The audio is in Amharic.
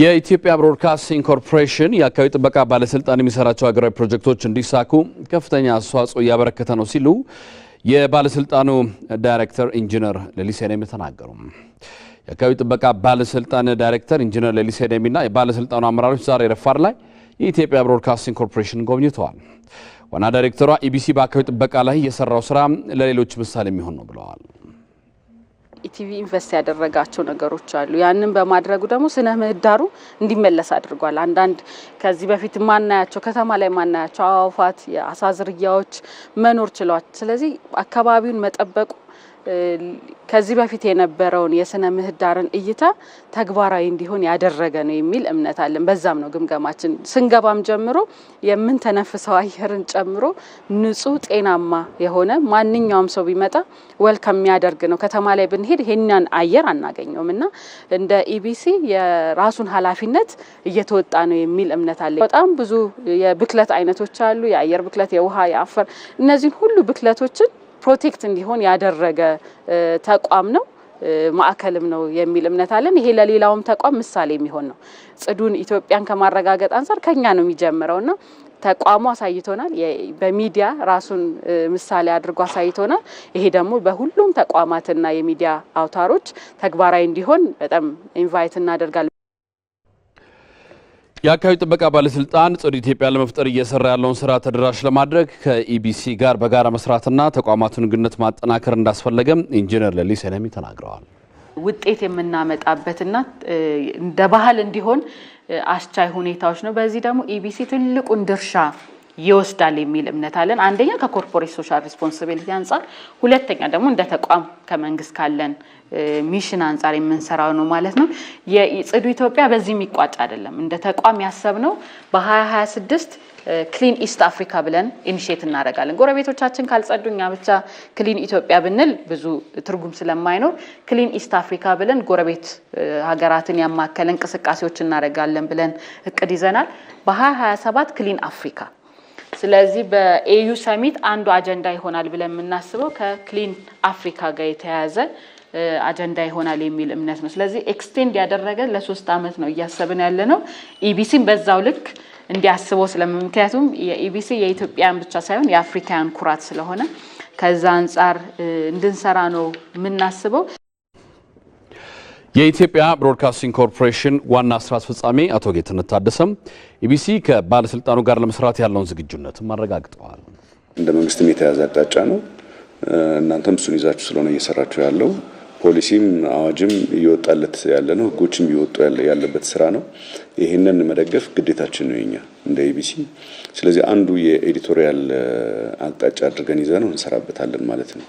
የኢትዮጵያ ብሮድካስቲንግ ኮርፖሬሽን የአካባቢ ጥበቃ ባለስልጣን የሚሰራቸው ሀገራዊ ፕሮጀክቶች እንዲሳኩ ከፍተኛ አስተዋጽኦ እያበረከተ ነው ሲሉ የባለስልጣኑ ዳይሬክተር ኢንጂነር ለሊሴ ዳሜ ተናገሩ። የአካባቢ ጥበቃ ባለስልጣን ዳይሬክተር ኢንጂነር ለሊሴ ዳሜና የባለስልጣኑ አመራሮች ዛሬ ረፋድ ላይ የኢትዮጵያ ብሮድካስቲንግ ኮርፖሬሽን ጎብኝተዋል። ዋና ዳይሬክተሯ ኢቢሲ በአካባቢ ጥበቃ ላይ የሰራው ስራ ለሌሎች ምሳሌ የሚሆን ነው ብለዋል። ኢቲቪ ኢንቨስት ያደረጋቸው ነገሮች አሉ። ያንን በማድረጉ ደግሞ ስነ ምህዳሩ እንዲመለስ አድርጓል። አንዳንድ ከዚህ በፊት ማናያቸው ከተማ ላይ ማናያቸው አዋፋት፣ የአሳ ዝርያዎች መኖር ችሏል። ስለዚህ አካባቢውን መጠበቁ ከዚህ በፊት የነበረውን የስነ ምህዳርን እይታ ተግባራዊ እንዲሆን ያደረገ ነው የሚል እምነት አለን። በዛም ነው ግምገማችን ስንገባም ጀምሮ የምንተነፍሰው አየርን ጨምሮ ንጹህ፣ ጤናማ የሆነ ማንኛውም ሰው ቢመጣ ወልካም የሚያደርግ ነው። ከተማ ላይ ብንሄድ ይሄኛን አየር አናገኘውም እና እንደ ኢቢሲ e የራሱን ኃላፊነት እየተወጣ ነው የሚል እምነት አለ። በጣም ብዙ የብክለት አይነቶች አሉ። የአየር ብክለት፣ የውሃ፣ የአፈር እነዚህን ሁሉ ብክለቶችን ፕሮቴክት እንዲሆን ያደረገ ተቋም ነው ማዕከልም ነው የሚል እምነት አለን። ይሄ ለሌላውም ተቋም ምሳሌ የሚሆን ነው። ጽዱን ኢትዮጵያን ከማረጋገጥ አንጻር ከኛ ነው የሚጀምረውና ተቋሙ አሳይቶናል። በሚዲያ ራሱን ምሳሌ አድርጎ አሳይቶናል። ይሄ ደግሞ በሁሉም ተቋማትና የሚዲያ አውታሮች ተግባራዊ እንዲሆን በጣም ኢንቫይት እናደርጋለን። የአካባቢ ጥበቃ ባለስልጣን ጽዱ ኢትዮጵያ ለመፍጠር እየሰራ ያለውን ስራ ተደራሽ ለማድረግ ከኢቢሲ ጋር በጋራ መስራትና ተቋማቱን ግንኙነት ማጠናከር እንዳስፈለገም ኢንጂነር ለሊ ሰለሚ ተናግረዋል። ውጤት የምናመጣበትና እንደ ባህል እንዲሆን አስቻይ ሁኔታዎች ነው። በዚህ ደግሞ ኢቢሲ ትልቁን ድርሻ ይወስዳል የሚል እምነት አለን። አንደኛ ከኮርፖሬት ሶሻል ሪስፖንሲቢሊቲ አንጻር፣ ሁለተኛ ደግሞ እንደ ተቋም ከመንግስት ካለን ሚሽን አንጻር የምንሰራው ነው ማለት ነው። የጽዱ ኢትዮጵያ በዚህ የሚቋጭ አይደለም። እንደ ተቋም ያሰብነው በ2026 ክሊን ኢስት አፍሪካ ብለን ኢኒሽት እናደርጋለን። ጎረቤቶቻችን ካልጸዱ እኛ ብቻ ክሊን ኢትዮጵያ ብንል ብዙ ትርጉም ስለማይኖር ክሊን ኢስት አፍሪካ ብለን ጎረቤት ሀገራትን ያማከለ እንቅስቃሴዎች እናደርጋለን ብለን እቅድ ይዘናል። በ2027 ክሊን አፍሪካ ስለዚህ በኤዩ ሰሚት አንዱ አጀንዳ ይሆናል ብለን የምናስበው ከክሊን አፍሪካ ጋር የተያያዘ አጀንዳ ይሆናል የሚል እምነት ነው። ስለዚህ ኤክስቴንድ ያደረገ ለሶስት ዓመት ነው እያሰብን ያለ ነው። ኢቢሲን በዛው ልክ እንዲያስበው ስለምን ምክንያቱም የኢቢሲ የኢትዮጵያን ብቻ ሳይሆን የአፍሪካያን ኩራት ስለሆነ ከዛ አንጻር እንድንሰራ ነው የምናስበው። የኢትዮጵያ ብሮድካስቲንግ ኮርፖሬሽን ዋና ስራ አስፈጻሚ አቶ ጌትነት ታደሰም ኢቢሲ ከባለስልጣኑ ጋር ለመስራት ያለውን ዝግጁነት አረጋግጠዋል። እንደ መንግስትም የተያዘ አቅጣጫ ነው። እናንተም እሱን ይዛችሁ ስለሆነ እየሰራችሁ ያለው ፖሊሲም አዋጅም እየወጣለት ያለ ነው። ህጎችም እየወጡ ያለበት ስራ ነው። ይህንን መደገፍ ግዴታችን ነው የኛ እንደ ኢቢሲ። ስለዚህ አንዱ የኤዲቶሪያል አቅጣጫ አድርገን ይዘ ነው እንሰራበታለን ማለት ነው።